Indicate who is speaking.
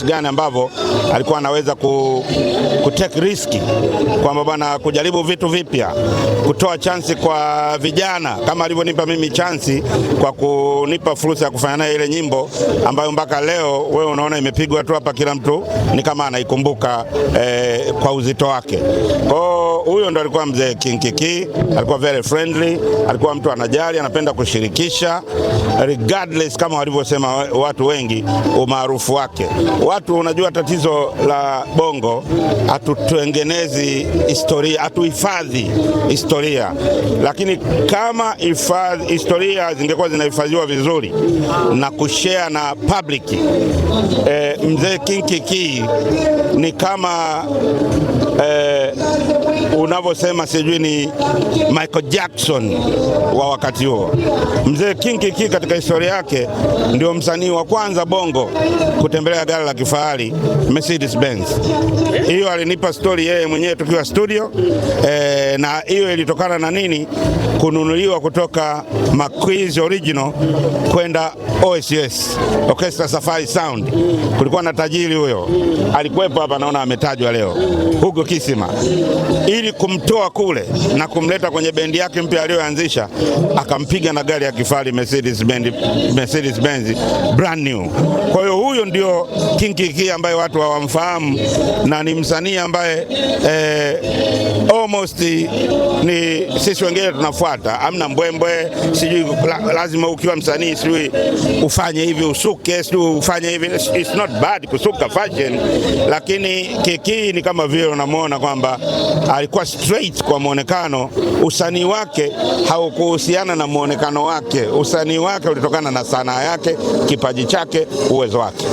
Speaker 1: jinsi gani ambavyo alikuwa anaweza ku, ku take riski kwamba bwana, kujaribu vitu vipya, kutoa chansi kwa vijana kama alivyonipa mimi chansi kwa kunipa fursa ya kufanya naye ile nyimbo ambayo mpaka leo wewe unaona imepigwa tu hapa, kila mtu ni kama anaikumbuka eh, kwa uzito wake kwao huyo ndo alikuwa mzee kinkiki alikuwa very friendly, alikuwa mtu anajali, anapenda kushirikisha regardless, kama walivyosema watu wengi umaarufu wake. Watu, unajua tatizo la Bongo hatutengenezi historia, hatuhifadhi historia, lakini kama ifadhi, historia zingekuwa zinahifadhiwa vizuri na kushare na public e, mzee kinkiki ni kama e, wanavyosema sijui ni Michael Jackson wa wakati huo. Mzee Kingi Ki katika historia yake ndio msanii wa kwanza Bongo kutembelea gari la kifahari Mercedes Benz. Hiyo alinipa stori yeye mwenyewe tukiwa studio e, na hiyo ilitokana na nini? Kununuliwa kutoka Maquis Original kwenda OSS Orchestra Safari Sound. Kulikuwa na tajiri huyo alikuwepo hapa, naona ametajwa leo, Hugo Kisima ili kumtoa kule na kumleta kwenye bendi yake mpya aliyoanzisha, akampiga na gari ya kifahari Mercedes Benz, Mercedes Benz brand new. Kwa hiyo huyo ndio King Kiki ambaye watu hawamfahamu na ni msanii ambaye eh, almost ni sisi wengine tunafuata, amna mbwembwe sijui la, lazima ukiwa msanii sijui ufanye hivi usuke sijui ufanye hivi. It's not bad kusuka fashion, lakini Kiki ni kama vile unamwona kwamba alikuwa straight kwa mwonekano, usanii wake haukuhusiana na mwonekano wake. Usanii wake ulitokana na sanaa yake, kipaji chake, uwezo wake.